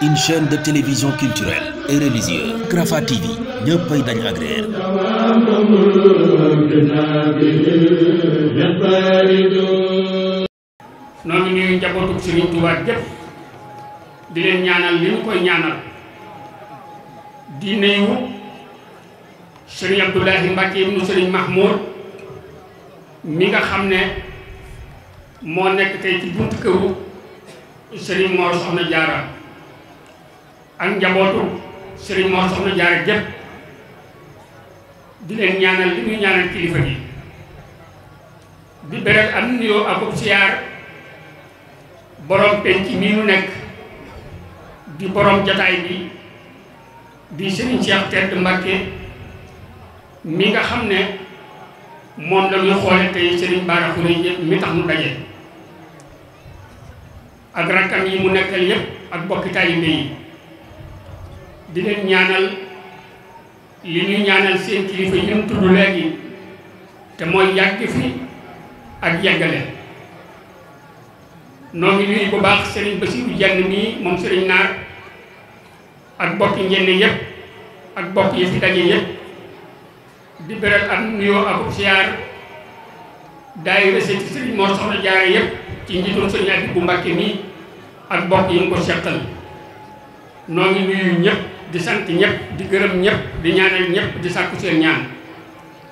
de télévision culturelle et religieuse Rafah TV ñëppay noonu ñuy njabootu Serigne Touba gépp di leen ñaanal li ñu koy ñaanal di nuyu Serigne Abdoulahi Mbacke ibnu Serigne Mahmoud mi nga xam ne moo nekk tey ci buntu këru Serigne Mor Soxna Diarra ak njabootu sëriñ Mor Soxna Jaara gépp di leen ñaanal li ñuy ñaanal kilifa gi di beral am nuyoo ak ub siyaar borom penc nu nekk di borom jataay bi di sëriñ Cheikh Tedd Mbacké mi nga xam ne moom la ñuy xoole tey sëriñ Bara Khouré mi tax mu daje ak rakkam yi mu nekkal yépp ak bokki taalibe yi di leen ñaanal li ñuy ñaanal seen kilifa yi ñu tudd léegi te mooy yàgg fi ak yàggale noo ngi nuyu bu baax sëriñ Bassirou Dieng mii moom sëriñ naar ak bokki njënn yëpp ak bokk yi fi daje yëpp di beral ak nuyoo ak siyaar daayira seeti sëriñ moo soxna jaare yëpp ci njiitum sëriñ Abibou Mbacké mii ak bokk yi mu ko seqal noo ngi nuyu ñëpp di sant ñëpp di gërëm ñëpp di ñaanal ñëpp di sàkku seen ñaan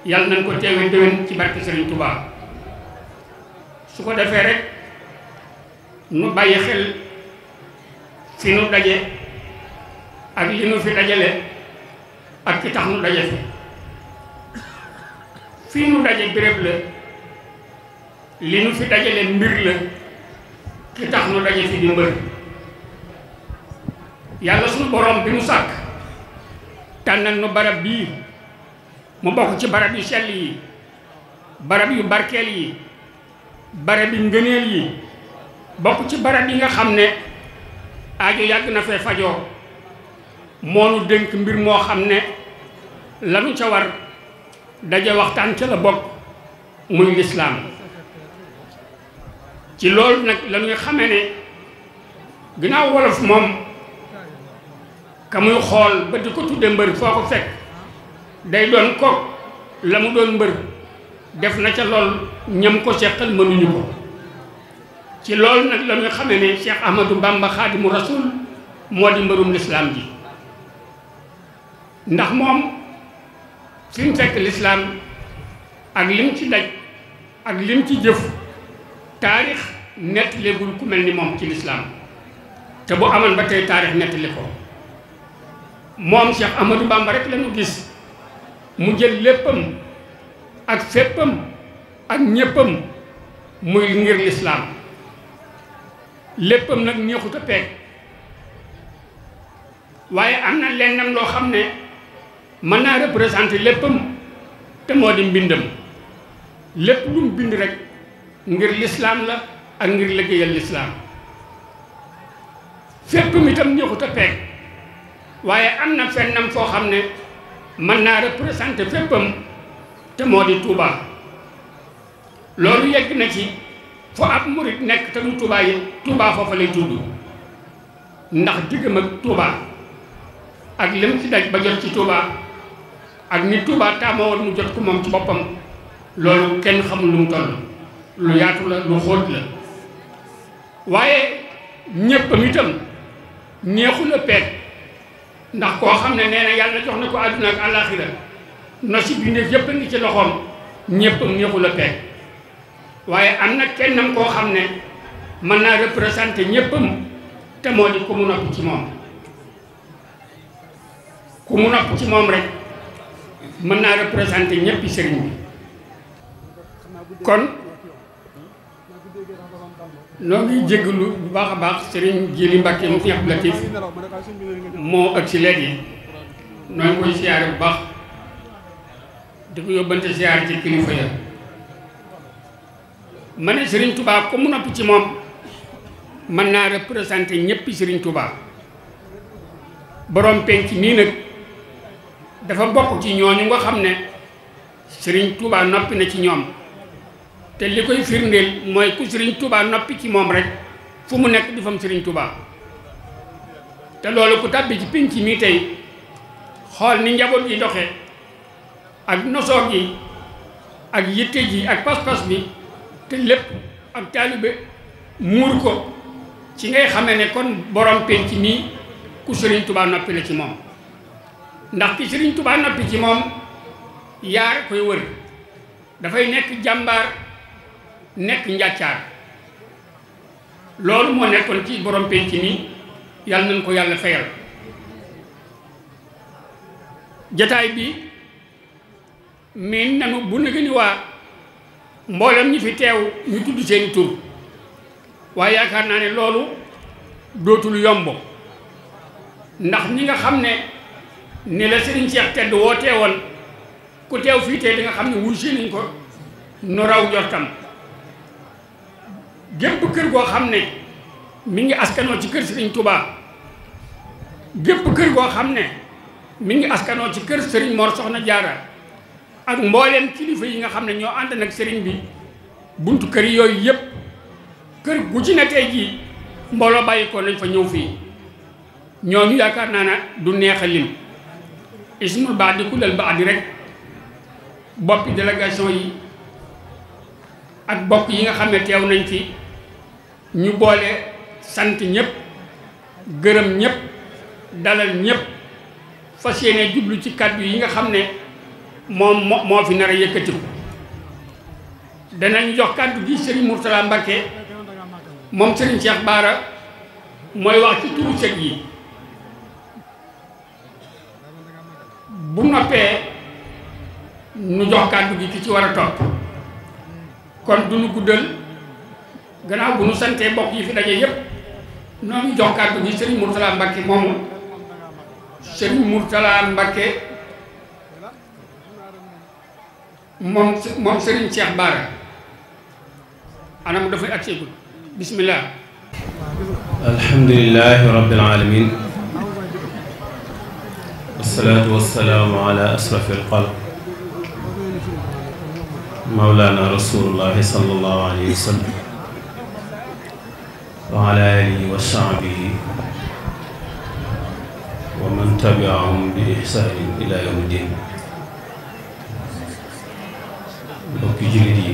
yàlla nañ ko teewe déwén ci barke Serigne Touba su ko defee rek nu bàyyi xel fi nu daje ak li nu fi dajale ak ki tax nu daje fi fii nu daje béréb la li nu fi dajale mbir la ki tax nu daje fi di mbër yàlla suñu borom bi mu sàkk tànnal nu barab bii mu bokk ci barab yu sell yi barab yu barkeel yi barab yu ngëneel yi bokk ci barab yi nga xam ne aajo yàgg na fee fajoo moonu dénk mbir moo xam ne lanu ca war daje waxtaan ca la bokk muy lislaam ci loolu nag lañuy xame ne ginnaaw wolof moom ka muy xool ba di ko tudde mbër foo ko fekk day doon ko la mu doon mbër def na ca lool ñam ko seqal mënuñu ko ci loolu nag la ñuy xamee ne Cheikh Ahmadou Bamba Xaadimu Rasul moo di mbërum lislaam ji ndax moom fi mu fekk lislaam ak lim ci daj ak lim ci jëf taarix nettaleegul ku mel ni moom ci lislaam te bu amoon ba tey taarix nettali ko moom Cheikh Ahmadou Bamba rek la gis mu jël léppam ak féppam ak ñéppam muy ngir lislaam léppam nag neexut a peeg waaye am na lennam loo xam ne mën naa représenter léppam te moo di mbindam lépp lu mu bind rek ngir lislaam la ak ngir liggéeyal lislaam féppam itam neexut a peeg waaye am na fennam foo xam ne mën naa représenté féppam te moo di Touba loolu yegg na ci fo ab murit nekk te du Touba yi Touba foofa lay tudd ndax diggam ak Touba ak lim ci daj ba jot ci Touba ak ni Touba taamoo woon mu jot ko moom ci boppam loolu kenn xamul lu mu toll lu yaatu la lu xóot la waaye ñéppam itam neexul a peet ndax koo xam ne nee na yàlla jox na ko àdduna ak àllaaxira nosi bindeef yëpp a ngi ci loxoom ñëpp ñëxul a peeg waaye am na kennam koo xam ne mën naa représenté ñëppam te moo di ku mu nopp ci moom ku mu nopp ci moom rek mën naa représenté ñëppi sëriñ bi kon noo ngi jégalu bu baax a baax Serigne Jili Mbacke mu Cheikh Latif moo ëgg si léegi noo ngi koy siyaare bu baax di ko yóbbante siyaare ci kilifa ya ma ne sëriñ Touba ko mu noppi ci moom mën naa présenté ñëppi sëriñ Touba borom penc nii nag dafa bokk ci ñooñu nga xam ne sëriñ Touba noppi na ci ñoom. te li koy firndeel mooy ku Serigne Touba noppi ci moom rek fu mu nekk du fam Serigne Touba te loolu ku tàbbi ci pinc mi tey xool ni njaboot yi doxe ak nosoo gi ak yitte ji ak pas-pas bi te lépp ak taalibe muur ko ci ngay xamee ne kon borom penc nii ku Serigne Touba noppi la ci moom ndax ki Serigne Touba noppi ci moom yaar koy wër dafay nekk jàmbaar nekk njàccaar loolu moo nekkoon ci borom penc mi yàlla nañ ko yàlla fayal jataay bi miin nanu bu na gëni waa mboolem ñi fi teew ñu tudd seeni tur waaye yaakaar naa ne loolu dootul yomb ndax ñi nga xam ne ni la Serigne Cheikh tedd woo teewoon ku teew fii tey di nga xam ne wuy si nañ ko nu raw jortam gépp kër goo xam ne mi ngi askanoo ci kër Serigne Touba gépp kër goo xam ne mi ngi askanoo ci kër Serigne Mor Soxna Jaara ak mbooleem kilifa yi nga xam ne ñoo ànd nag sëriñ bi buntu kër yooyu yëpp kër gu ci ne tey jii mbooloo bàyyi ko nañ fa ñëw fii ñooñu yaakaar naa ne du neex a lim ismul baax di kulal baax di rek boppi délégation yi ak bokk yi nga xam ne teew nañ fi. ñu boole sant ñëpp gërëm ñëpp dalal ñëpp fas yéene jublu ci kàddu yi nga xam ne moom moo fi nar a yëkkatiku danañ jox kàddu gi Serigne Mourtala Mbacké moom Serigne Cheikh Bara mooy wax ci turu sëg yi bu noppee nu jox kàddu gi ki ci war a topp kon du nu guddal. ganaaw bu nu santee mbokk yi fi daje yépp noo jox kàddu gi Serigne Mourtala Mbacke moomu Serigne Mourtala Mbacke moom moom Serigne Cheikh Bara anam dafay ak bismillah alhamdulillahi rabbil alamin wasalaatu wasalaamu ala asrafi alxalq mawlana rasulullahi sallallahu alayhi wa sallam wa ala alihi wa sahbihi wa man tabiahum bi ihsaanin ila yawmi din mbokki jullit yi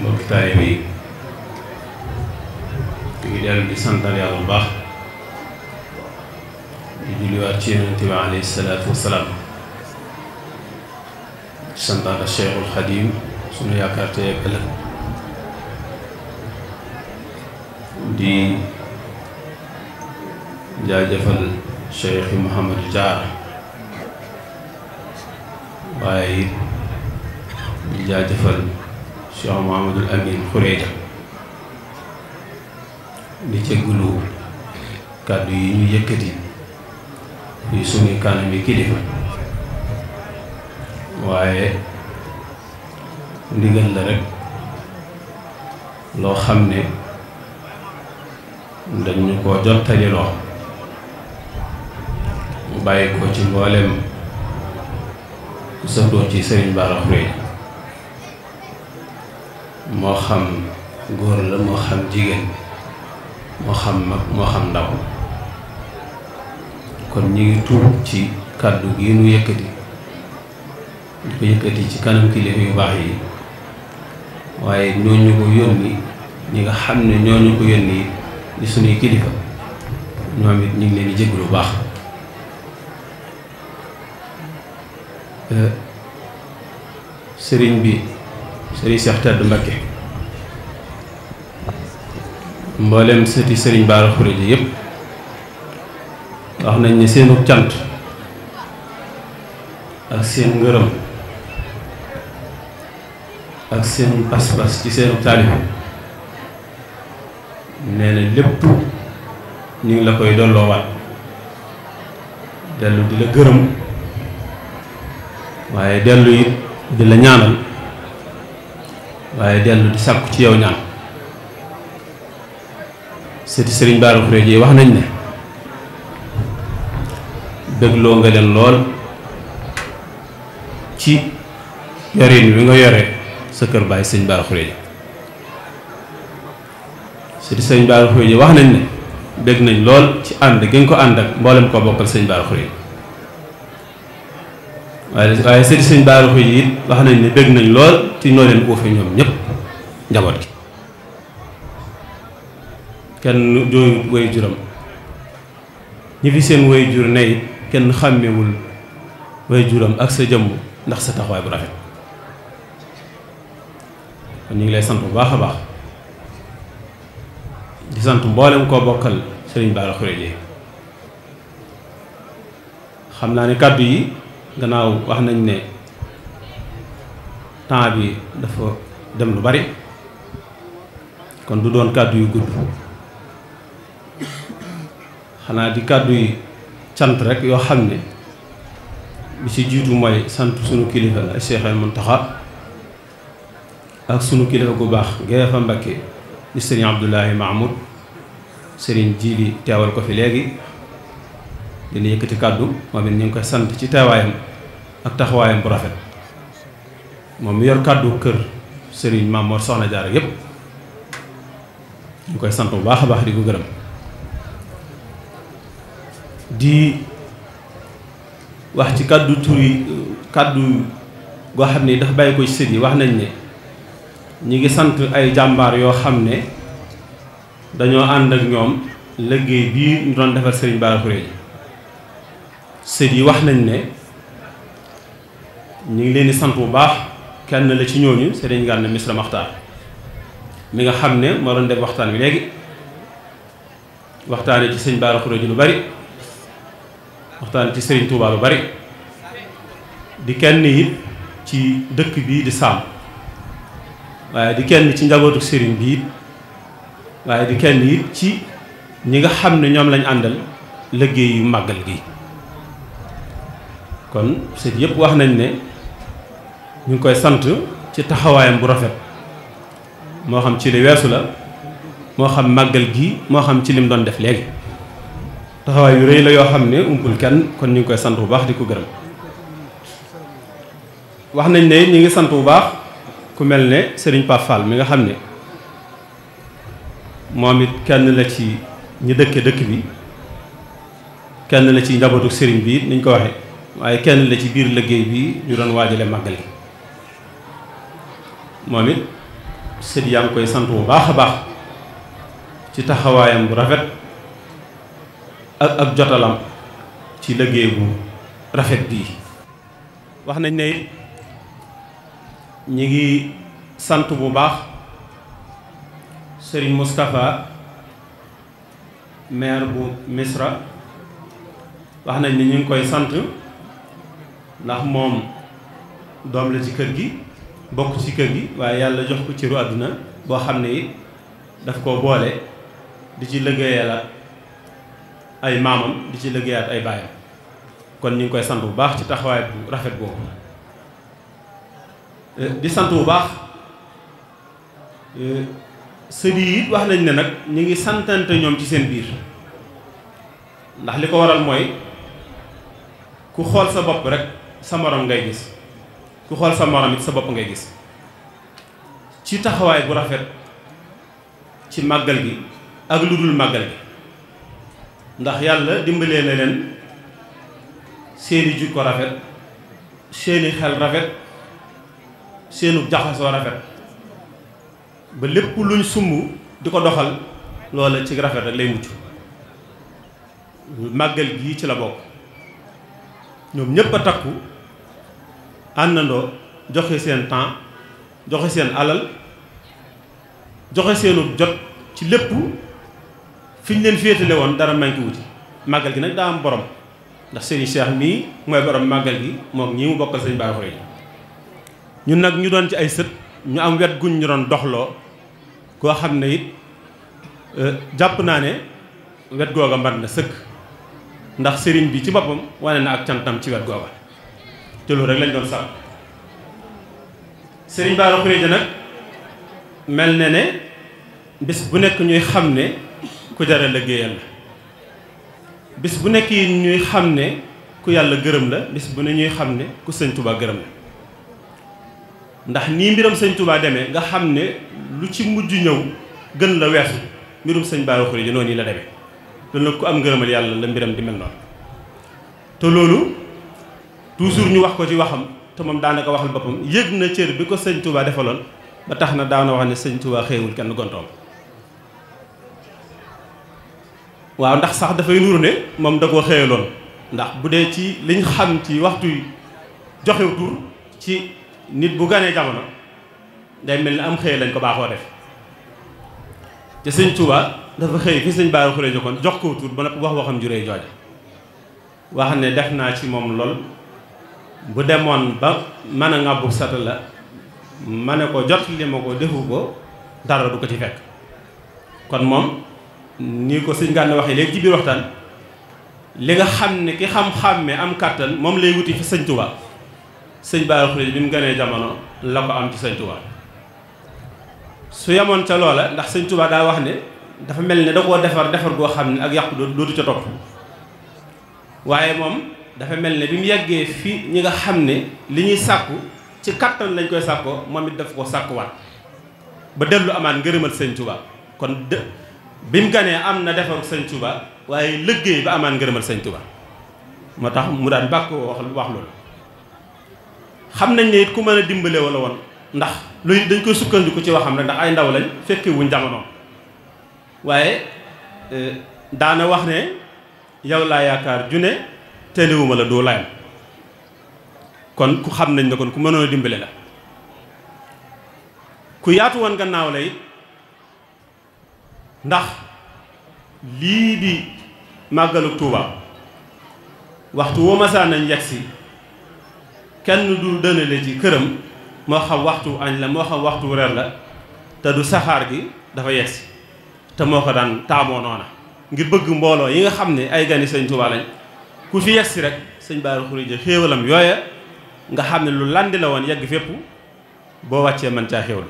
mbokki taalibe yi ñu ngi dellu di santal yàlla bu baax di julliwaat ci yonente bi alayhi salaatu wasalaam santaat Cheikhul Xadim sunu yaakaar tey ëllëg di jaajëfal Cheikh Mouhamadou Diarra waaye di jaajëfal Cheikh Mouhamadul Amin Khoureja di jégalu kàddu yi ñu yëkkati yi suñu kanam yi kilifa waaye ndigal la rek loo xam ne dañ ñu ko jottaliloo mu bàyyi ci mboolem ku ci sëriñ Bara Xuree moo xam góor la moo xam jigéen moo xam mag moo xam ndaw kon ñu ngi tuub ci kàddu gi nu yëkkati ñu ko yëkkati ci kanam kilifa yu baax yi waaye ñooñu ko yónni ñi nga xam ne ñooñu ko yónni di suñuy kilifa ñoom it ñu ngi leen di jëgg lu baax euh, sëriñ bi sëriñ Seex Tàdd Mbakke mboolem sëti sëriñ Baara Xuréja yépp wax nañ ni seenu cant ak seen ngërëm ak seen pas-pas ci seenu taalibe nee na lépp ñu ngi la koy dolloowaat dellu di la gërëm waaye dellu it di la ñaanal waaye dellu di sàkku ci yow ñaan sëti sëriñ Bara Xuré ji wax nañ ne dégloo nga leen lool ci yorin wi nga yore sa kër bàyyi sëriñ Bara Xuré ji sëriñ sëñ Bara Khourédia wax nañ ne dégg nañ lool ci ànd gi ko ànd ak mboolem koo bokkal sëñ Bara yi waaye waaye sëriñ sëñ Bara Khourédia it wax nañ ne dégg nañ lool ci noo leen uufe ñoom ñëpp njaboot gi kenn jooyut way juram ñi fi seen way jur ne kenn xàmmewul way juram ak sa jëmm ndax sa taxawaay bu rafet kon ñu ngi lay sant bu baax a baax di sant mboolem koo bokkal sëriñ Bara Khourédia xam naa ne kàddu yi gannaaw wax nañ ne temps bi dafa dem lu bari kon du doon kàddu yu gudd xanaa di kàddu yi sant rek yoo xam ne bi ci jiitu mooy sant sunu kilifa ak Cheikh Mountakha ak sunu kilifa gu baax Géefa Mbakke di sëriñ Abdoulahi Mahmoud sëriñ Jiili teewal ko fi léegi dina yëkkati kàddu moom it ñu ngi koy sant ci teewaayam ak taxawaayam bu rafet moom mi yor kàddu kër sëriñ Maam Mor Soxna Jaara yépp ñu koy sant bu baax a baax di ko gërëm di wax ci kàddu tur yi kàddu goo xam ne dafa bàyyi ko ci sët yi wax nañ ne ñu ngi sant ay jàmbaar yoo xam ne dañoo ànd ak ñoom liggéey bii ñu doon defar sëriñ Bara Khourédia sët yi wax nañ ne ñu ngi leen di sant bu baax kenn la ci ñooñu Serigne Gana Messere Makhtar mi nga xam ne moo doon def waxtaan wi léegi waxtaane ci Serigne Bara lu bari waxtaan ci Serigne Touba lu bari di kenn yi ci dëkk bii di Saam waaye di kenn ci njabootu sëriñ bi waaye di kenn it ci ñi nga xam ne ñoom lañ àndal liggéeyu màggal gi kon sët yëpp wax nañ ne ñu ngi koy sant ci taxawaayam bu rafet moo xam ci li weesu la moo xam màggal gi moo xam ci li mu doon def léegi taxawaay yu rëy la yoo xam ne umpul kenn kon ñu ngi koy sant bu baax di ko gërëm wax nañ ne ñu ngi sant bu baax ku mel ne Serigne Pape Fall mi nga xam ne moom it kenn la ci ñi dëkke dëkk bi kenn la ci njabootu sëriñ bi niñ ko waxe waaye kenn la ci biir liggéey bi ñu doon waajale màggal gi moom it sët koy sant bu baax a baax ci taxawaayam bu rafet ak ak jotalam ci liggéey bu rafet bii wax nañ ne ñi ngi sant bu baax sëriñ Moustapha maire bu Misra wax nañ ni ñu ngi koy sant ndax moom doom la ci kër gi bokk ci kër gi waaye yàlla jox ko ciru àdduna boo xam ne it daf koo boole di ci liggéeyal ay maamam di ci liggéeyaat ay baayam kon ñu ngi koy sant bu baax ci taxawaay bu rafet boobu eh, di sant bu baax eh, sët yi it wax nañ ne nag ñu ngi santante ñoom ci seen biir ndax li ko waral mooy ku xool sa bopp rek sa morom ngay gis ku xool sa morom it sa bopp ngay gis ci taxawaay bu rafet ci màggal bi ak lu dul màggal gi ndax yàlla dimbalee na leen seeni jikko rafet seeni xel rafet seenu jaxasoo rafet ba lépp lu ñu sumb di ko doxal loola ci rafet rek lay mujj màggal gii ci la bokk ñoom ñëpp a takku àndandoo joxe seen temps joxe seen alal joxe seenu jot ci lépp fi ñu leen féetale woon dara manqué wuti màggal gi nag daa am borom ndax sëriñ Cheikh mii mooy borom màggal gi moom ñii mu bokkal sëriñ Bara Kholy ñun nag ñu doon ci ay sët ñu am wet gu ñu doon doxloo koo xam ne it euh, jàpp naa ne wet googa mbat na sëkk ndax sëriñ bi ci boppam wane na ak cantam ci wet googa te loolu rek lañ doon sàmm sëriñ Bara Khourédia nag mel ne ne bis bu nekk ñuy xam ne ku jara liggéeyal la bis bu nekk yi ñuy xam ne ku yàlla gërëm la bis bu ne ñuy xam ne ku sëñ Tuubaa gërëm la ndax nii mbiram sëñ Touba demee nga xam ne lu ci mujj ñëw gën la weesu mbirum sëñ Bara Khourédia noonu la demee loolu nag ku am ngërëmal yàlla la mbiram di mel noonu te loolu toujours ñu wax ko ci waxam te moom daanaka waxal boppam yëg na cër bi ko sëñ defaloon ba tax na daana wax ne sëñ Touba xëyewul kenn gontoom waaw ndax sax dafay nuru ne moom da koo xëyaloon ndax bu dee ci liñ xam ci waxtu joxew tur ci nit bu ganee jamono day mel ni am xëy lañ ko baaxoo def te sëñ Tuubaa dafa xëy fi sëñ Baara Xuree jokkoon jox koo tur ba noppi wax waxam juree jooja wax ne def naa ci moom lool bu demoon ba mën a ngàbbu sata la ma ne ko jot li ma ko defu ko dara du ko ci fekk kon moom ni ko sëñ Gànna waxee léegi ci biir waxtaan li nga xam ne ki xam-xàmme am kàttan moom lay wuti ci sëñ Tuubaa sëñ Bara Khourédia bi mu gënee jamono la ko am ci sëñ Touba su yemoon ca loola ndax sëñ tubaa daa wax ne dafa mel ni da koo defar defar goo xam ne ak yàqu dootu ca topp waaye moom dafa mel ne bi mu yeggee fi ñi nga xam ne li ñuy sàkku ci kattan lañ koy sàkkoo moom it daf ko sàkkuwaat ba dellu amaat ngërëmal sëñ Touba kon dë bi mu ganee am na defaru sëñ Touba waaye liggéey ba amaan ngërëmal sëñ Touba moo tax mu daan bàkk wax wax loolu xam nañ ne it ku mën a dimbale wala woon ndax luy dañ koy sukkandiku ci waxam rek ndax ay ndaw lañ fekke wuñ jamono waaye euh, daana wax ne yow laa yaakaar june teeliwuma la doo layam kon ku xam nañ ne kon ku mënoon a dimbale la ku yaatu woon gannaaw la it ndax lii di màggalu Tuuba waxtu woo masaan nañ yegg si kenn du dënale ci këram moo xam waxtu añ la moo xam waxtu reer la te du saxaar gi dafa si te moo ko daan taamoo noona ngir bëgg mbooloo yi nga xam ne ay gani sëñ Tuubaa lañ ku fi yegsi rek sëñ Bara Khourédia xéewalam yooya nga xam ne lu landi la woon yegg fépp boo wàccee man caa xéewal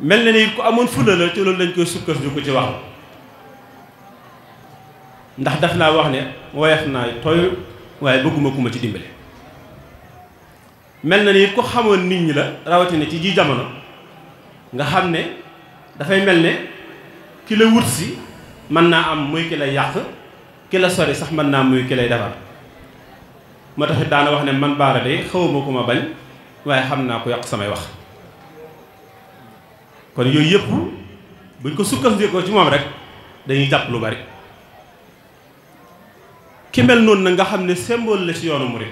mel na ni ku amoon fulla la ci loolu lañ koy sukkas du ko ci wax ndax daf naa wax ne woyof naa tooy waaye bëgguma ku ma ci dimbale mel na ni ko xamoon nit ñi la rawatina ci ji jamono nga xam ne dafay mel ne ki la wut si mën naa am muy ki lay yàq ki la sori sax mën naa muy ki lay defar moo taxit daana wax ne man baara de xawma ku ma bañ waaye xam naa ko yàq samay wax kon yooyu yëpp buñ ko sukkandikoo ci moom rek dañuy jàpp lu bari ci mel noonu na nga xam ne symbole la ci yoonu murid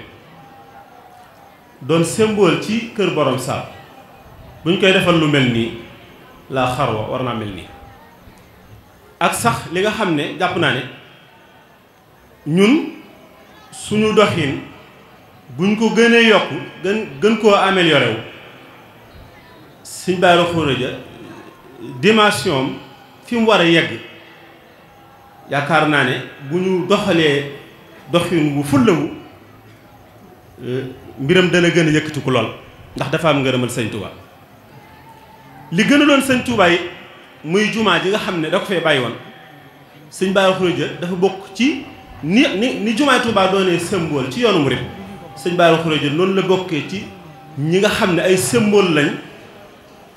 doon symbole ci kër borom saam bu ñu koy defal lu mel nii la xarwa war naa mel nii ak sax li nga xam ne jàpp naa ne ñun suñu doxin buñ ko gënee yokk gën gën koo amélioré wu suñ bàyyi xóoraja dimension fi mu war a yegg yaakaar naa ne bu ñu doxalee doxin wu fullawu euh, mbiram dana gën a yëkkatiku lool ndax dafa am ngërëmal sëñ Touba li gën a loon sëñ Touba yi muy jumaa ji nga xam ne da ko fee bàyyi woon sëñ Baye Khourédia dafa bokk ci ni ni ni jumaa Touba doonee symbole ci yoonu murid sëñ Baye noonu la bokkee ci ñi nga xam ne ay symbole lañ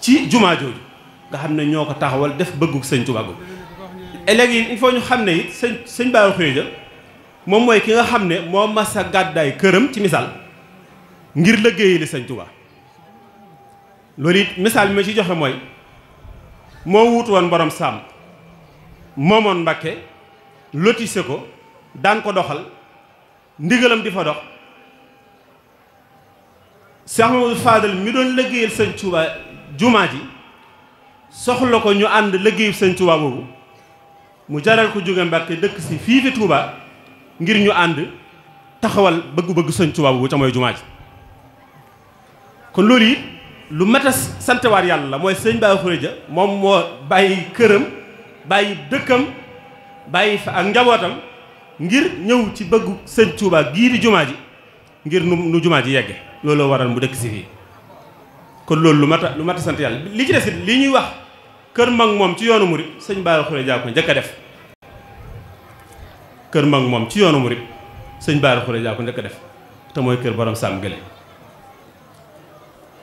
ci jumaa jooju nga xam ne ñoo ko taxawal def bëggug sëñ Touba go léegi il faut ñu xam ne it sëñ sëñ Baye moom mooy ki nga xam ne moo mas a gàddaay këram ci misaal ngir liggéeyali Sëñ Tuubaa loolu it misaal bi ci joxe mooy moo wuutu woon borom sàmm moomoon Mbàkke lotise ko daan ko doxal ndigalam di fa dox Cheikh Mamadou Fadal mi doon liggéeyal Sëñ Tuubaa jumaa ji soxla ko ñu ànd liggéeyu Sëñ Tuubaa boobu mu jaral ko jóge Mbàkke dëkk si fii fi Tuubaa ngir ñu ànd taxawal bëgg-bëgg sëñ Tuubaa wu ca mooy jumaa ji kon loolu it lu mat santewaat yàlla la mooy sëñ Bara Khourédia moom moo bàyyi këram bàyyi dëkkam bàyyi fa ak njabootam ngir ñëw ci bëggu sëñ Tuubaa gii jumaa ji ngir nu nu jumaa ji yegge looloo waral mu dëkk si fii kon loolu lu mat lu mat sant yàlla li ci des it li ñuy wax kër mag moom ci yoonu murit sëñ Bara Khourédia ko njëkk a def kër mag moom ci yoonu murit sëñ Bara Khourédia ko njëkk def te mooy kër borom saam gële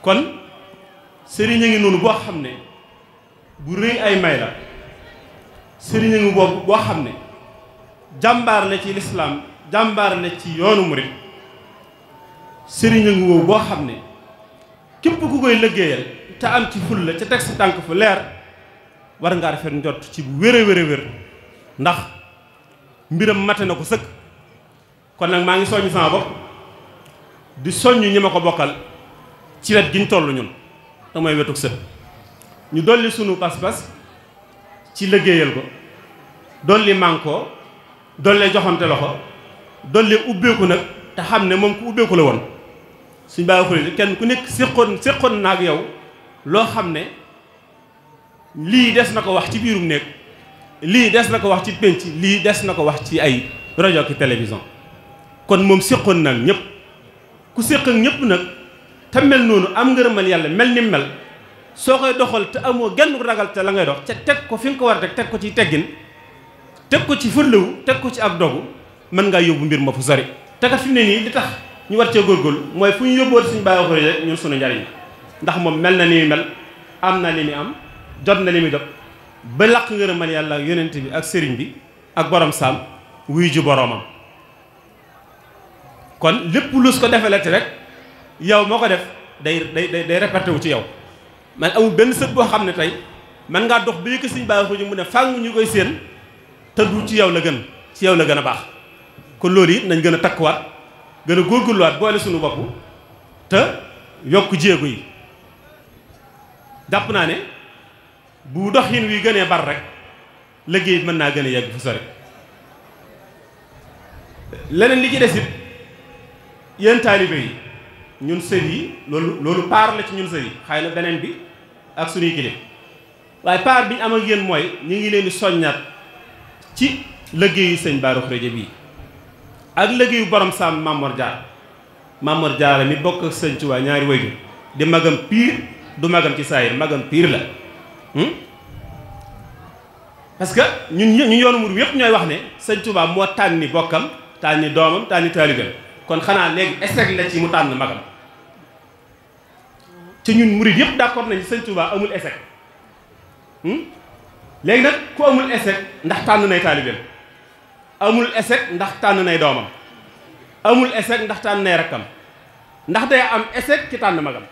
kon sëriñ ngi noonu boo xam ne bu rëy ay may la sëriñ ngi boobu boo xam ne jàmbaar la ci lislaam jàmbaar la ci yoonu murit sëriñ a ngi woowu boo xam ne képp ku koy liggéeyal te am ci ful la ca teg sa tànk fu leer war ngaa rafet njot ci bu wér a wér a ndax mbiram matte na ko sëkk kon nag maa ngi soññ sama bopp di soññ ñi ma ko bokkal ci wet gi ñu toll ñun te mooy wetuk sët ñu dolli sunu pas-pas ci liggéeyal ko dolli mànkoo dolli joxante loxo dolli ubbeeku nag te xam ne moom ku ubbeeku la woon suñ bàyyi xuli kenn ku nekk séqoon séqoon naag yow loo xam ne lii des na ko wax ci biirum néeg lii des na ko wax ci pénc lii des na ko wax ci ay rajo ki télévision kon moom séqoon nag ñëpp ku séq ak ñëpp nag te mel noonu am ngërëmal yàlla mel ni mel soo koy doxal te amoo genn ragal te la ngay dox ca teg ko fi nga ko war a teg teg ko ci teggin teg ko ci fërlewu teg ko ci ak dogu mën ngaa yóbbu mbir ma fu sori te ka fi ne nii li tax ñu war cee góorgóorlu mooy fu ñu yóbboot suñu bàyyi waxu rek ñun suñu njariñ ndax moom mel na ni muy mel am na li muy am jot na li muy jot ba laq man yàlla ak yonent bi ak sëriñ bi ak boroom saam wuy ju boroomam kon lépp lus ko defelati rek yow moo ko def day day day réperté wu ci yow man awu benn sët boo xam ne tey man ngaa dox ba yëkk siñ bàyyi ko ñu mu ne fàngu ñu koy séen te du ci yow la gën ci yow la gën a baax kon loolu it nañ gën a takkuwaat gën a góorgóorluwaat boole suñu bopp te yokk jéego yi jàpp naa ne bu doxin wi gënee bar rek liggéey mën naa gën a yàgg fu sori leneen li ci des it yéen taalibe yi ñun sër yi loolu loolu paar la ci ñun sër yi xëy na beneen bi ak suñuy kilif waaye paar bi ñu am ak yéen mooy ñu ngi leen di soññaat ci liggéeyu sëñ Baara Khourédia bii ak liggéeyu borom saam Mamor Diarra jaar Diarra mi bokk ak sëñ Tuubaa ñaari wayju di magam piir du magam ci saayir magam piir la Hmm? parce que ñun ñu yoonu murid yëpp ñooy wax ne sëñ Touba moo tànni bokkam tànni doomam tànni taalibam kon xanaa léegi échec la ci mu tàng magam ci ñun murid yëpp d'accord nañu sëñ Touba amul échec hmm? léegi nag ku amul échec ndax tàng nay taalibam amul échec ndax tànn nay doomam amul échec ndax tànn nay rakkam ndax day am échec ci tàng magam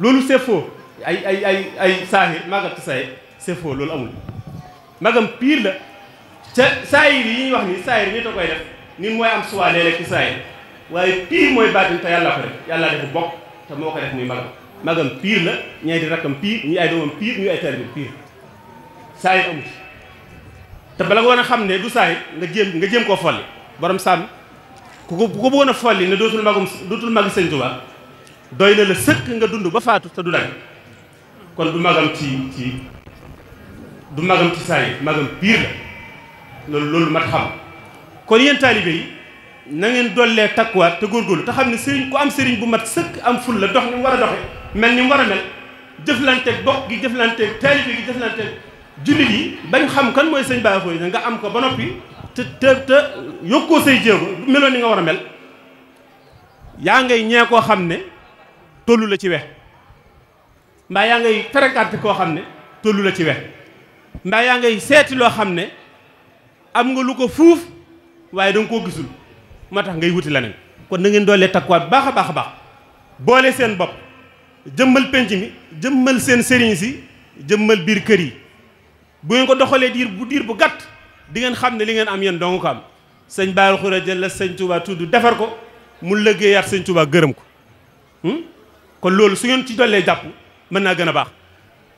loolu c'est faux ay ay ay ay saahir magam ci saahir c'est faux loolu amul magam piir la ca saahir yi ñuy wax ni saahir nit a koy def nit mooy am suwaa léeg saahir waaye pire mooy baatin te yàllaa ko def yàllaa defu bokk te moo ko def muy magam magam piir la ñay di rakkam pire ñu ay doomam pire ñu ay taalibe pire saahir amul te bala nga woon xam ne du saahir nga jéem nga jëm koo folli borom sàmm ku ko ku na bëggoon a folli ne dootul magum dootul magi sëñ Tuubaa doy na la sëkk nga dund ba faatu te du dagg kon du magam ci ci du magam ci saa yi magam piir la loolu loolu mat xam kon yéen taalibe yi na ngeen dollee takkuwaat te góorgóorlu te xam ne sëriñ ku am sëriñ bu mat sëkk am ful la dox ni war a doxe mel ni mu war a mel jëflante bokk gi jëflante taalibe gi jëflanteeg jullit yi bañ xam kan mooy sëñ Bara Fooy nga am ko ba noppi te te te yokkoo say jéego meloon ni nga war a mel yaa ngay ñee koo xam ne tollu la ci wex mbaa yaa ngay fréquenté koo xam ne tollu la ci wex mbaa yaa ngay seeti loo xam ne am nga lu ko fuuf waaye danga koo gisul moo tax ngay wuti leneen kon na ngeen doolee takkuwaat baax a baax a baax boole seen bopp jëmmal penc mi jëmmal seen sëriñ si jëmmal biir kër yi bu ngeen ko doxalee diir bu diir bu gàtt di ngeen xam ne li ngeen am yéen dong ko am sëñ Bara Khouré jël la sëñ Touba tudd defar ko mu liggéeyaat sëñ Touba gërëm ko hmm? kon loolu su ngeen ci dollee jàpp mën naa gën a baax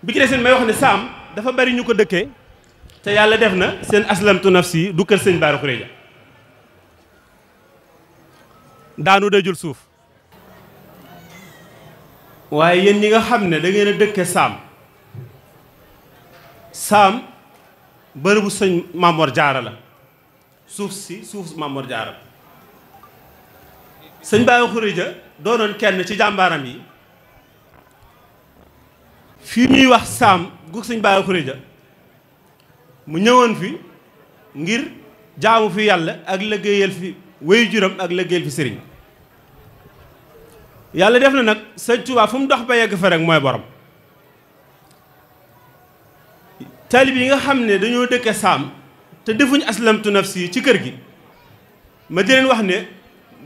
bi ki ne may wax ne saam dafa bari ñu ko dëkkee te yàlla def na seen aslamtu si du kër sëñ Bara Khourédia daanu dajul suuf waaye yéen ñi nga xam ne da ngeen a saam bërëbu sëñ Mamor Jaara la suuf si suuf Mamor Jaara sëñ Bara Khourédia doonoon kenn ci jàmbaaram yi fii ñuy wax saam gu sëñ Baye Khourédia mu ñëwoon fi ngir jaamu fi yàlla ak liggéeyal fi wéyu juram ak liggéeyal fi sëriñ yàlla def na nag sëñ Touba fu mu dox ba yegg fa rek mooy borom taalib yi nga xam ne dañoo dëkke saam te defuñu aslamtu si ci kër gi ma di leen wax ne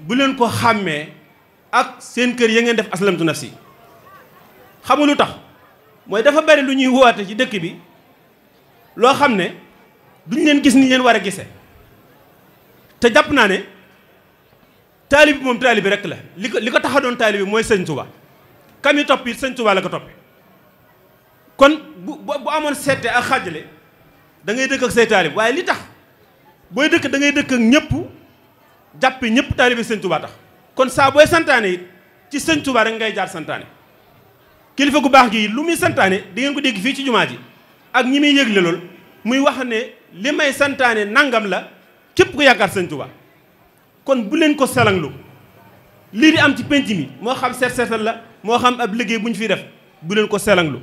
bu leen ko xàmmee ak seen kër ya ngeen def aslamtu si xamul lu tax mooy dafa bari lu ñuy woote ci dëkk bi loo xam ne duñ leen gis ni leen war a gise te jàpp naa ne taali bi moom taali bi rek la li ko li ko tax a doon taali bi mooy sëñ Tuba kam yi topp it sëñ Tuba la ko toppee kon bu bu amoon seete ak xaajale da ngay dëkk ak say taalib waaye li tax booy dëkk da ngay dëkk ak ñëpp jàppe ñëpp taalibi sëñ Tuba tax kon saa booy santaane yi ci sëñ Tuba rek ngay jaar santaane kilifa gu baax gi lu muy santaane di ngeen ko dégg fii ci jumaa ji ak ñi muy yëgle lool muy wax ne li may santaane nangam la képp ko yaakaar sëñ kon bu leen ko salanglu lii di am ci penc mi moo xam seet seetal la moo xam ab liggéey bu ñu fiy def bu leen ko selanglu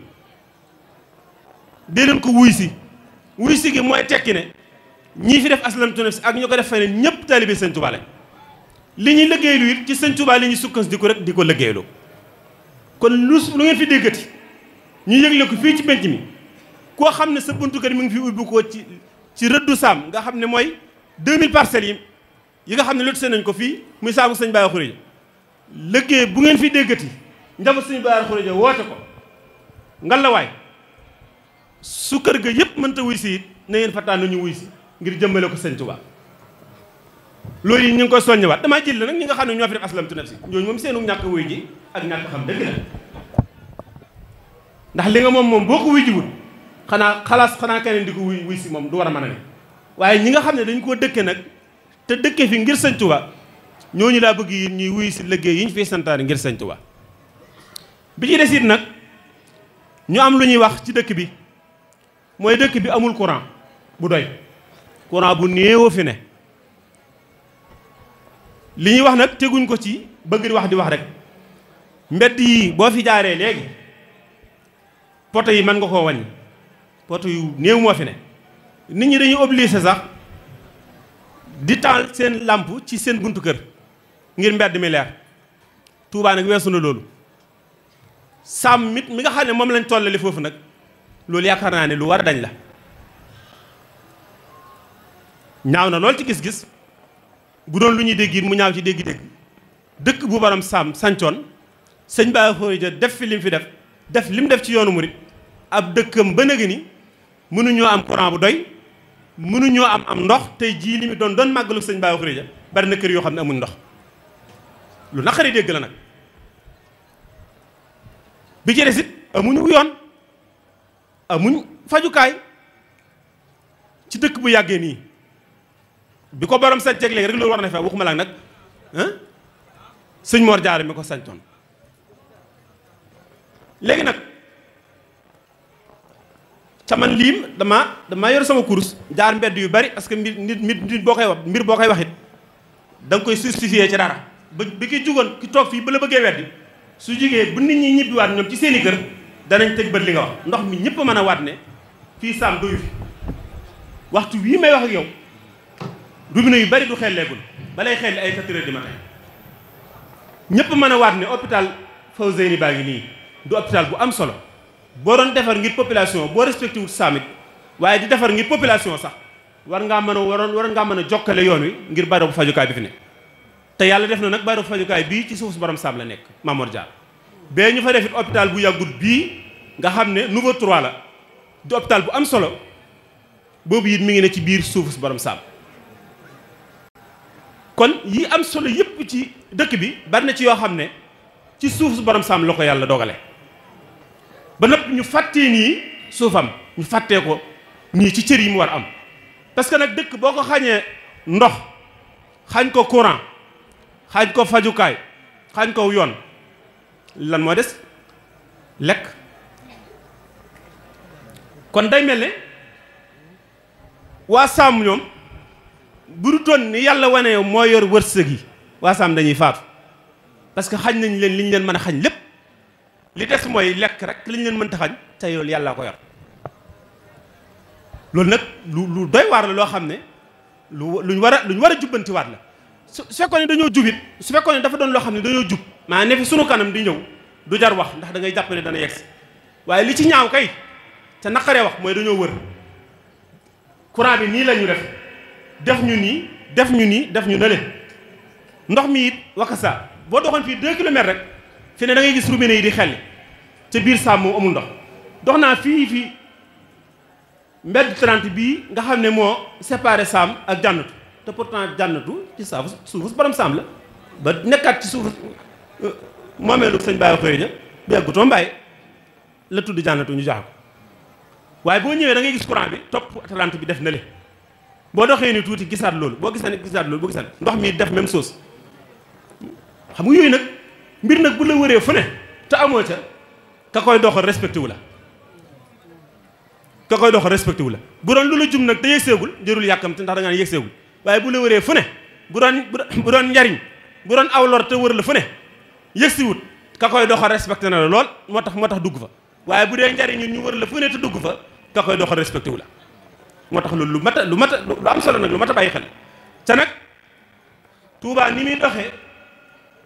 dee leen ko wuy si wuy si gi mooy tekki ne ñii fi def aslamtu nafsi ak ñu ko def feneen ñëpp taalibe sëñ lañ li ñuy liggéeylu it ci sëñ Tuubaa li ñuy sukkandiku rek di ko liggéeylu kon lu lu ngeen fi déggati ñu yëgle ko fii ci penc mi koo xam ne sa buntu kër mi ngi fi ubbi ko ci ci rëddu saam nga xam ne mooy 2000 parcelles yi yi nga xam ne seen nañ ko fii muy saamu sëñ Baye Khourédia liggéey bu ngeen fi déggati njaboot sëñ Baye Khourédia woote ko ngalawaay su kër ga yëpp mënta wuy si it na ngeen fa tànn ñu wuy si ngir jëmmale ko sëñ Tuubaa loolu yi ñu ngi ko soññewaat damaa jël nag ñi nga xam ne ñoo fi def aslamtu nafsi ñooñu moom seenu ñàkk wuy ji ak ñàkk xam dëgg la ndax li nga moom moom boo ko wuy jiwut xanaa xalaas xanaa keneen di ko wuy wuy si moom du war a man a ne waaye ñi nga xam ne dañ koo dëkke nag te dëkke fi ngir Sëñ Tuubaa ñooñu laa bëgg yi ñuy wuy si liggéey yi ñu fiy santaane ngir Sëñ wa bi ci des it nag ñu am lu ñuy wax ci dëkk bi mooy dëkk bi amul courant bu doy courant bu li ñuy wax nag teguñ ko ci ba ngir wax di wax rek mbedd yi boo fi jaaree léegi poto yi mën nga koo wàññi poto yu néew moo fi ne nit ñi dañuy obligé sax di taal seen làmp ci seen buntu kër ngir mbedd mi leer Tuubaa nag weesu na loolu sàmm mi mi nga xam ne moom lañ tollale foofu nag loolu yaakaar naa ne lu war a dañ la ñaaw na lool ci gis-gis bu doon lu ñuy dégg it mu ñaaw ci dégg-dégg dëkk bu baram saam sancoon sëñ Ba Khourédia def fi lim fi def def lim def ci yoonu murit ab dëkkam ba nëgë ni mënuñoo am courant bu doy mënuñoo am am ndox tey jii li mu doon doon màggalu sëñ Ba Khourédia bari na kër yoo xam ne amuñ ndox lu naqari dégg la nag bi ci amuñu yoon amuñ fajukaay ci dëkk bu yàggee nii. bi ko borom sanceeg léegi rek loolu war na fa waxuma la nag sëñ Mor ko santoon léegi nag ca man dama dama yor sama course jaar mbedd yu bari parce que mbir nit nit boo koy wax mbir boo koy wax it da koy justifier ci dara ba bi ki jugoon ki toog fii ba la bëggee weddi su jugee bu nit ñi ñibbiwaat ñoom ci seeni kër danañ tëj bët li nga wax ndox mi ñëpp mën a waat ne fii saam doyu fi waxtu wii may wax ak yow robinet yu bari du xelleegul balay xelli ay quatre heures du matin ñëpp mën a waat ne hôpital Fawzeyni baa ngi nii du hôpital bu am solo boo doon defar ngir population boo respecté wut saamit waaye di defar ngir population sax war ngaa mën a waroon war ngaa mën a jokkale yoon wi ngir barabu fajukaay bi fi ne te yàlla def na nag barabu fajukaay bii ci suuf su borom saam la nekk Mamor Diar bee ñu fa defit hôpital bu yàggut bii nga xam ne niveau 3 la di bu am solo boobu it mi ngi ne ci biir suuf su borom saam kon yi am solo yëpp ci dëkk bi bari ci yoo xam ne ci suuf su borom saam la ko yàlla dogale ba nëpp ñu fàttee nii suufam ñu fàttee ko nii ci cër yi mu war am parce que nag dëkk boo ko xañee ndox xaañ ko courant xañ ko fajukaay xaañ kow yoon lan moo des lekk kon day mel ne waa saam ñoom bu du ni yàlla wane moo yor wërsëg yi waa saam dañuy faatu parce que xañ nañ leen li ñu leen mën a xañ lépp li des mooy lekk rek li ñu leen mën ta xañ te yow yàlla ko yor loolu nag lu lu doy waar la loo xam ne lu luñ war a luñ war a jubbantiwaat la su fekkoon ne dañoo jubit su fekkoon ne dafa doon loo xam ne dañoo jub maa ne sunu kanam di ñëw du jar wax ndax da ngay jàpp ne dana si waaye li ci ñaaw kay te naqaree wax mooy dañoo wër courant bi nii la ñu def def ñu nii def ñu nii def ñu nële ndox mi it wakasa boo doxoon fii deux kilomètres rek fi ne da ngay gis robinet yi di xelli ca biir saam moom amul ndox dox naa fii fii mbedd 30 bii nga xam ne moo séparé saam ak jànnatu te pourtant jànnatu ci saafu suufu borom saam la ba nekkaat ci suufu euh, moomeelu sëñ Baye xëy na beegutoo mbaay la tudd jànnatu ñu jaax ko waaye boo ñëwee da ngay gis courant bi topp 30 bi def na le boo doxee ni tuuti gisaat loolu boo gisaat ni gisaat loolu boo gisaat ndox mi def même chose xam nga yooyu nag mbir nag bu la wëree fu ne te amoo ca ka koy doxal respecté wu la ka koy doxal respecté bu doon lu la jum nag te yëgseegul jërul yàkkamte ndax da ngaa ne yëgseegul la wëree fu ne bu bu doon njariñ bu doon aw lor te wër la fu ne yëgsiwut ka koy doxal respecté na la lool moo tax moo tax dugg fa waaye bu dee njariñ ñu wër la fu ne te dugg fa ka koy doxal respecté wu la moo tax loolu lu mat a lu mat lu am solo nag lu mata a bàyyi xel te nag Touba ni muy doxee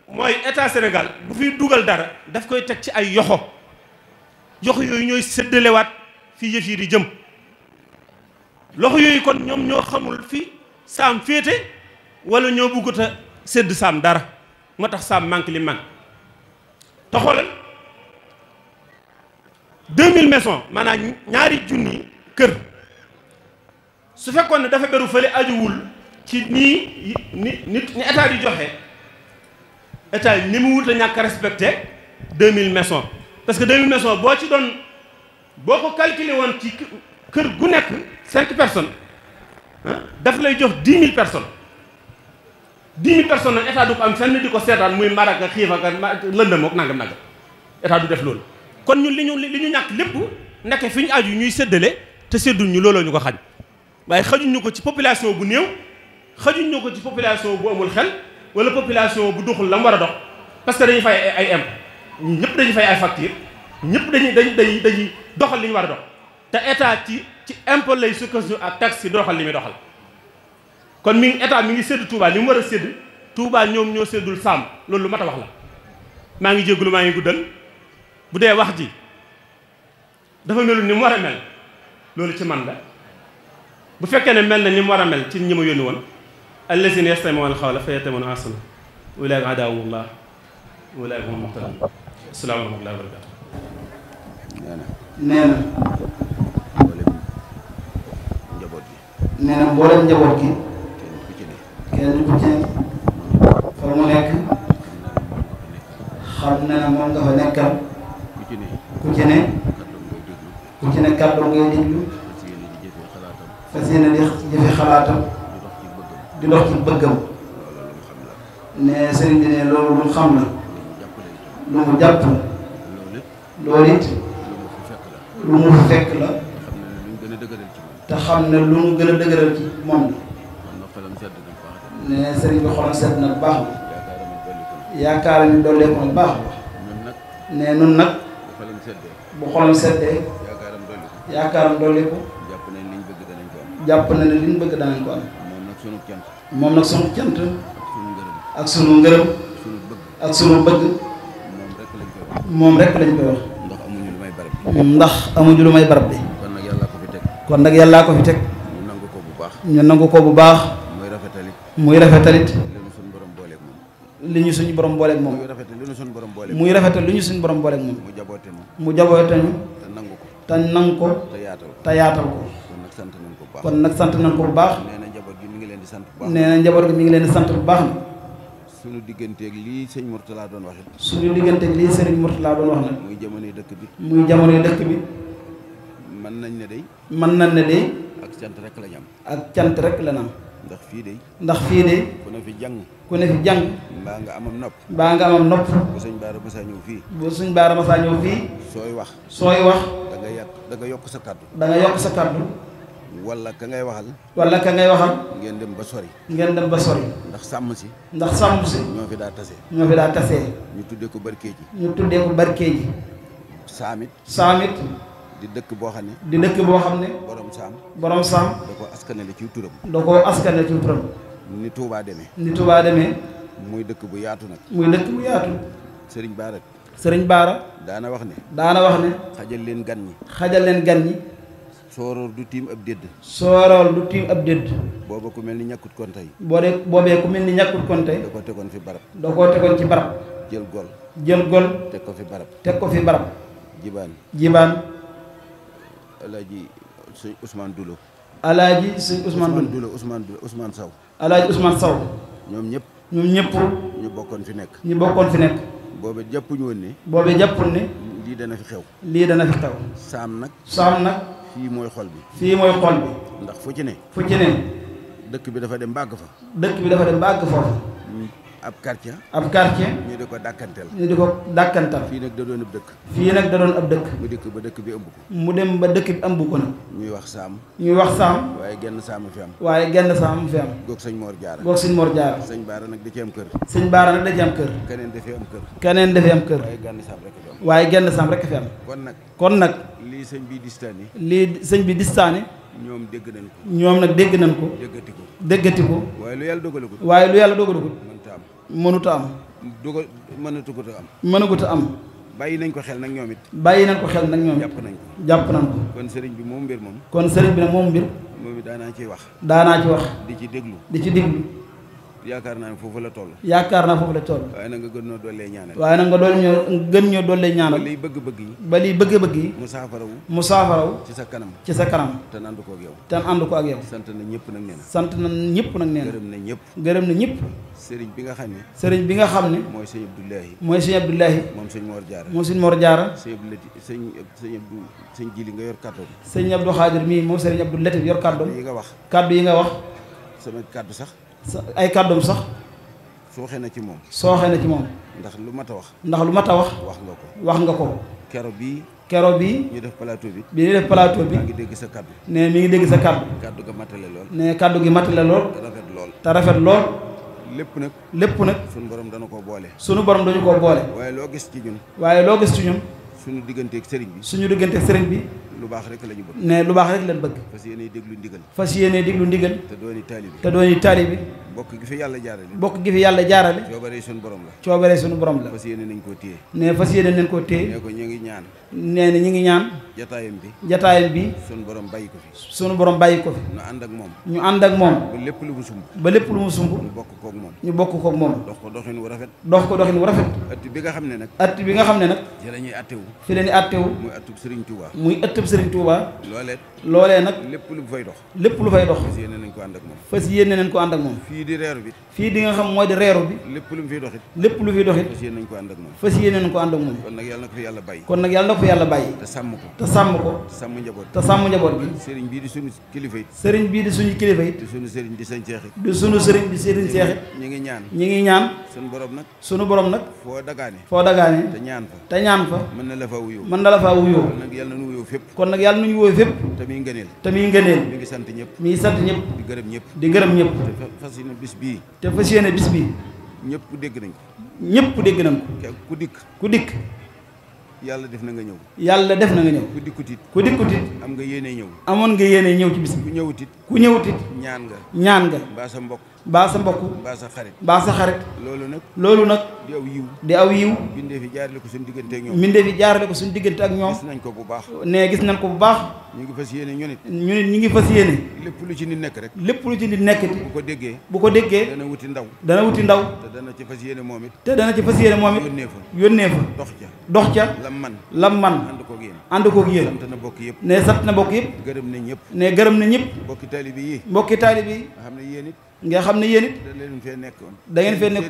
mooy état Sénégal bu fi dugal dara daf koy teg ci ay yoxo yoxo yooyu ñooy séddalewaat fi yëf yi di jëm loxo yooyu kon ñoom ñoo xamul fi saam féete walla ñoo bëggut a sédd saam dara moo tax saam manque li manque te xoolal 2000 maisons maanaam ñaari junni kër su fekkoon ne dafa beru fële ajuwul ci nii ni nit ni état di joxe état ni mu wut ñàkk a respecté mille maisons parce que 2000 maisons boo ci doon boo ko calculé woon ci kër gu nekk cinq personnes daf lay jox 10 mille personnes 10 000 personnes nag état du ko am fenn di ko seetaan muy mar ak xiif ak lëndëm ak nangam nangam état du def loolu kon ñu li ñu li ñu ñàkk lépp ndeke fi ñu aju ñuy séddale te séddul ñu looloo ñu ko xam waaye xajuñu ko ci population bu néew xajuñu ko ci population bu amul xel wala population bu doxul la mu war a dox parce que dañuy fay ay impôts ñun ñëpp dañuy fay ay facture ñëpp dañuy dañuy dañuy doxal li war a dox te état ci ci impôt lay sukkandiku ak taxe doxal li muy doxal. kon mi ngi état mi ngi sédd Touba li mu war a sédd Touba ñoom ñoo séddul sàmm loolu lu mat a wax la maa ngi jégalu maa ngi guddal bu dee wax ji dafa melul ni mu war a mel loolu ci man la. bu fekkee ne mel na ni mu war a mel ci ñi ma yónni woon allazina yastami'una al-qawla fa yattabi'una ahsanah ulaa'ika a'daa'ullah wa ulaa'ika humul muhtadoon assalaamu alaykum wa rahmatullahi wa barakaatuh nee na njaboot gi nee na mboolem njaboot gi kenn ku ci ne fa mu nekk xam na ne moom nga fa nekkal ku ci ne ku ci ne kàddu ngay déglu fas yéene di jëfe xalaatam di dox ci bëggam ne sëriñ bi ne loolu lu xam la lu mu jàpp loolu lu mu fekk la te xam ne lu mu gën a dëgëral ci moom la ne sëriñ bi xolam sedd na baax la yaakaar ni dolleeku na baax la ne nun nag bu xolam seddee yaakaaram dolleeku jàpp na ne liñ bëgg danañ ko am. moom nag sunu cant. moom nag sunu cant. ak sunu ngërëm. ak sunu bëgg. moom rek lañ koy wax. ndax amuñu lu may barab bi. ndax amuñu lu may barab bi. kon nag yàllaa ko fi teg. kon nag yàllaa ko fi teg. ñu nangu ko bu baax. ñu nangu ko bu baax. muy rafetalit. muy rafetalit. li ñu suñu borom booleeg moom. muy rafetal li ñu suñu borom booleeg moom. muy rafetal li ñu suñu borom booleeg moom. mu jaboote mu. mu jaboote ñu. te nangu ko. te nangu ko. te yaatal ko te yaatal ko. kon nag sant nañ ko bu baax nee na njaboot gi mi ngi leen di sant bu baax nee na njaboot gi mi ngi sant bu baax na suñu digganteeg lii sëñ Mourtala doon wax it suñu digganteeg lii sëriñ Mourtala doon wax nag muy jamonoy dëkk bi muy jamonoy dëkk bi mën nañ ne day man nañ ne day ak sant rek lañ am ak cant rek lañ am ndax fii de. ndax fii de. ku ne fi jàng. ku ne fi jàng. mbaa nga amam nopp. mbaa nga amam nopp. bu suñ baara masaa ñëw fii. bu suñ baara masaa ñëw fii. sooy wax. sooy wax. danga nga yàq da yokk sa kàddu. da yokk sa kàddu. wala ka ngay waxal. wala ka ngay waxal. ngeen dem ba sori. ngeen dem ba sori. ndax sàmm si. ndax sàmm si. ñoo fi daa tase. ñoo fi daa tase. ñu tuddee ko barkee ji. ñu tuddee ko barkee saamit. saamit. di dëkk boo xam ne. di dëkk boo xam ne. borom saam. borom saam. da koo askanale ci turam. da koo askanale ci turam. ni Touba demee. ni Touba demee. muy dëkk bu yaatu nag. muy dëkk bu yaatu. Serigne Baara. sëriñ Baara. daana wax ne. daana wax ne. xajal leen gan ñi. xajal leen gan ñi. sooraal du tiim ab dëdd sooraal du tiim ab dédd booba ku mel ni ñàkkut kon tey boo dee boobee ku mel ni ñàkkut kon tey da koo tegoon fi barab da koo tegoon ci barab jël gol jël gol teg ko fi barab teg ko fi barab jibaan jibaan alaaji suñ usmaan Dulo alaaji sëñ Ousmane Dulo Ousmane Dulo Ousmane Saw alaaji Ousmane Saw ñoom ñëpp ñoom ñëpp ñu bokkoon fi nekk ñu bokkoon fi nekk boobe jàppuñu woon ne boobe jàppuñ ne lii dana fi xew lii dana fi xew saam nag saam nag fii mooy xol bi. fii mooy xol bi. ndax fu ci ne. fu ci ne. dëkk bi dafa dem bàgg fa. dëkk bi dafa dem bàgg foofu. Hmm. ab quartier. ab quartier. ñu di ko dàkkanteel. ñu di ko dàkkantal. fii nag da doon ab dëkk. fii nag da doon ab dëkk. mu dikk ba dëkk bi ëmb ko. mu dem ba dëkk bi ëmb ko nag. ñuy wax saam. ñuy wax saam. waaye genn saam fi am. waaye genn saam fi am. goog sëñ moor Jaara. goog sëñ Mor Jaara. sëñ Baara nag da ci am kër. sëñ Baara nag da ci am kër. keneen dafay am kër. keneen dafay am kër. waaye genn saam waaye genn saam rek fi am. kon nag kon nag. lii sëñ bi distaani. lii sëñ bi distaani. ñoom dégg nañ ko. ñoom nag dégg nañ ko. déggati ko déggati ko. waaye lu yàlla dogalagut. waaye lu yàlla dogalagut. mënuta am mënuta am. dogal mënatugut a am. mënagut a am. bàyyi nañ ko xel nag ñoom it. bàyyi nañ ko xel nag ñoom it. jàpp nañ ko jàpp nañ ko. kon sëriñ bi moom mbir moom. kon sëriñ bi nag moom mbir. moom it daanaa ciy wax. daanaa ci wax. di ci déglu di ci déglu. yaakaar naa ne foofu la toll yaakaar naa foofu la toll waaye na nga gën ñoo dollee ñaanal waaye na nga dool ñoo gën ñoo dollee ñaanal ba liy bëgg-bëgg ba liy bëgg-bëgg mu saafarawu mu saafarawu ci sa kanam ci sa kanam te ànd ko ak yow te ànd ko ak yow sant na ñëpp nag sant na ñëpp nag nee na gërëm na ñëpp gërëm na ñëpp sëriñ bi nga xam ne sëriñ bi nga xam ne mooy sëñ Abdoulahi mooy sëñ Abdoulahi moom sëñ Mor Diarra moom sëñ Mor Diarra sëñ Abdou sëñ sëñ Abdou sëñ Jili nga yor kàddoom sëñ Abdou Xaadir mii moom sëriñ Abdou Latif yor kàddoom yi nga wax kàddu yi nga wax sama kàddu sax sa ay kàddoom sax. sooxe na ci moom. sooxe na ci moom. ndax lu mat a wax. ndax lu mat a wax. wax nga ko wax nga ko. kero bii. kero bi ñu def plateau bi. bi ñu def plateau bi. mi ngi dégg sa kàddu. ne mi ngi dégg sa kàddu. kàddu ga matale lool. ne kàddu gi matale lool. te rafet lool te rafet lool. lépp nag. lépp nag. sunu borom dana koo boole. sunu borom dañu koo boole. waaye loo gis ci ñun. waaye loo gis ci ñun. suñu digganteek sëriñ bi suñu digganteeg sëriñ bi lu baax rek lañu bëgg ne lu baax rek lañ bëgg fas yéene déglu ndigal fas yéene déglu ndigal te dooni taalibi te dooni taalibi bokk gi fi yàlla jaarale bokk gi fi yàlla jaarale coobaree suñu borom la coobaree suñu borom la fas yéene nañ koo téye ne fas yéene nañ koo téye ngi ñaan nee na ñu ngi ñaan. jataayam bi jataayam bi. sunu borom bàyyi ko fi. sunu borom bàyyi ko fi. ñu ànd ak moom. ñu ànd ak moom. ba lépp lu mu sumb. ba lépp lu mu sumb. bokk koog moom. ñu bokk koog moom. dox ko doxin wu rafet. dox ko doxin wu rafet. ëtt bi nga xam ne nag. ëtt bi nga xam ne nag. fi la ñuy àttewu. fi la ñuy àttewu. muy ëttub Serigne Touba. muy ëttub Serigne lu dox. lépp lu fay dox. fas yéene nañ ko ànd ak moom. ko ànd ak moom. fii di reeru bi. fii di nga xam mooy di reeru bi. lépp lu mu fiy doxit. lépp lu fiy doxit. fas yéene nañ ko ànd ak moom. fas yéene nañ ko ànd ak moom. kon nag yàlla na ko fi yàlla bàyyi. kon nag yàlla na ko fi yàlla bàyyi. te sàmm ko te sàmm ko. te sàmm njaboot te sàmm njaboot bi. di suñu kilifa it. sëriñ bii di suñu di suñu sëriñ di sëriñ Seex it. di suñu ñu ngi ñaan ñu ngi ñaan. suñu borom nag. suñu borom nag. foo dagaane. foo dagaane. te ñaan fa te ñaan na la faa wuyoo na la faa wuyoo. kon nag kon nag yàlla nu wuyoo fépp. te muy ngëneel. ngi sant ñëpp. mi ngi sant ñëpp. di gërëm ñëpp. di gërëm ñëpp. te fas yéene bis bii. te fas dégg nañ ko. ñëpp dégg nañ ko. ku dikk ku dikk yàlla def na nga ñëw yàlla def na nga ñëw ku dikkutit ku dikkutit am nga yéene ñëw amoon nga yéene ñëw ci bis bi ku ñëwutit ku ñëwutit ñaan nga ñaan nga mbaa sa mbokk baa sa mbokk baa sa xarit baa sa xarit loolu nag loolu nag di aw yiw di aw yiw mbindee fi jaarale ko suñu diggante ak ñoom mbindee fi jaarale ko suñu diggante ak ñoom gis nañ ko bu baax ne gis nañ ko bu baax ñu ngi fas yéene ñu nit ñu nit ñu ngi fas yéene lépp lu ci nit nekk rek lépp lu ci nit nekk bu ko déggee bu ko déggee dana wuti ndaw dana wuti ndaw te dana ci fas yéene moom it te dana ci fas yéene moom it yónnee fa yónnee fa dox ca dox ca lam man lam man koog yéen ànd koog na bokk yëpp ne gërëm na ñëpp ne gërëm na ñëpp mbokki taalib yi mbokki taalib yi nga xam ne yéen nga xam ne yéen it fee nekk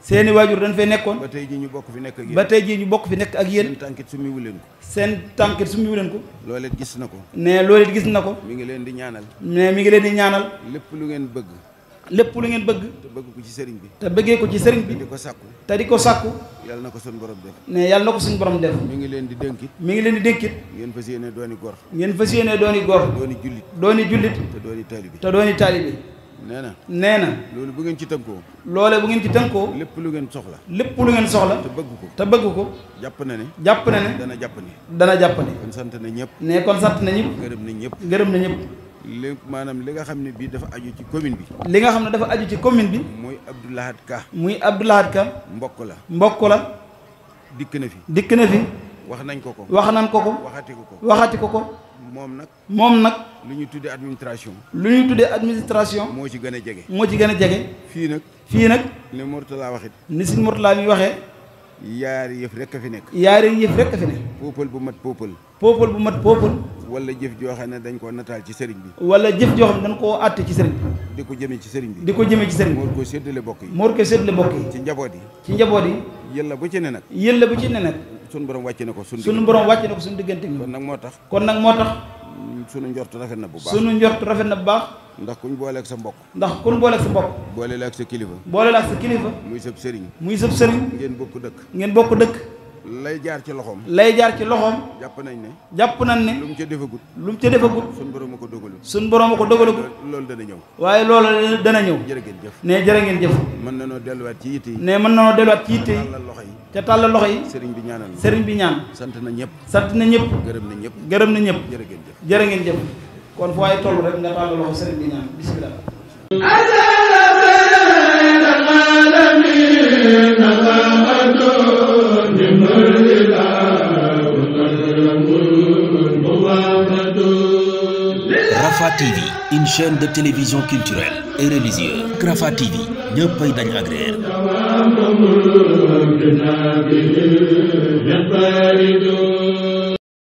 seeni waajur dafee nekkoon ba tey ñu bokk fi nekk ak yéen ba tey ñu bokk fi nekk ak yéen seen tànkit ko seen tànkit su ko loolee gis na ko ne loolee gis na ko mi ngi leen di ñaanal ne mi ngi leen di ñaanal lépp lu ngeen bëgg lépp lu ngeen bëgg. te bëgg ko ci sëriñ bi. te bëggee ko ci sëriñ bi. nga ko sàkku. te di ko sàkku. yàlla na ko seen borom def. ne yàlla na ko suñu borom def. mi ngi leen di dénkit. mi ngi leen di dénkit. ngeen fas yéene dooni gor. ngeen fas yéene dooni gor. dooni jullit. dooni jullit. te dooni taalibi. te dooni taalibi. nee na nee na. loolu bu ngeen ci tënkoo. loole bu ngeen ci tënkoo. lépp lu ngeen soxla. lépp lu ngeen soxla. te bëgg ko te bëgg ko. jàpp na ne. jàpp na ne dana jàpp ne. dana jàpp ne. sant na ñëpp. ne kon sant gërëm na ñëpp. gërëm na ñëpp. li maanaam li nga xam ne bii dafa aju ci commune bi. li nga xam ne dafa aju ci commune bi. muy Abdou Lahad Ka. muy Abdou Lahad Ka. mbokk la mbokk la. dikk na fi dikk na fi. wax nañ ko ko wax nañ ko ko. waxati ko ko ko ko. moom nag moom nag. lu ñu tuddee administration. lu ñu tuddee administration. moo ci gën a jege. moo ci gën a jege. fii nag. fii nag. ni Mourtala waxit ni si Mourtala bi waxee. yaari yëf rek a fi nekk. yaare yëf rek a fi nekk. peuple bu mat peuple. peuple bu mat peuple. wala jëf joo xam ne dañ koo nataal ci sëriñ bi. wala jëf joo xam dañ koo àtte ci sëriñ bi. di ko jëmee ci sëriñ bi. di ko jëmee ci sëriñ bi. moo ko séddale bokk yi. moo ko séddale bokk yi. ci njaboot yi. ci njaboot yi. yàlla bu ci ne nag. yàlla bu ci ne nag. sunu borom wàcce na ko sunu. sunu borom wàcce na ko sunu diggante kon nag moo tax. kon nag moo tax. sunu njort rafet na bu baax sunu njort na bu ndax kuñ booleek sa mbokk ndax kuñ booleeg sa mbokk boole la ak sa kilifa boole la ak sa kilifa muy sëb sëriñ muy sëb sëriñ ngeen bokk dëkk ngeen bokk dëkk lay jaar ci loxoom. lay jaar ci loxoom. jàpp nañ ne. jàpp nañ ne. lu mu ca defagut. lu mu ca defagut. suñ borom a ko dogalut. suñ borom a ko dogalut. loolu dana ñëw. waaye loolu dana ñëw. jërë ngeen jëf. ne jërë ngeen jëf. mën na noo delluwaat ci yitte yi. ne mën na noo delluwaat ci yitte yi. te tàllal loxo yi. sëriñ bi ñaanal sëriñ bi ñaan. sant na ñëpp. sant na ñëpp. gërëm na ñëpp. gërëm na ñëpp. jërë ngeen jëf. jërë ngeen jëf kon fu waay toll rek nga tàllal loxo sëriñ bi ñaan bismillah Rafah TV une chaîne de télévision culturelle et religieuse Rafah TV ñëpp ay dañ agréer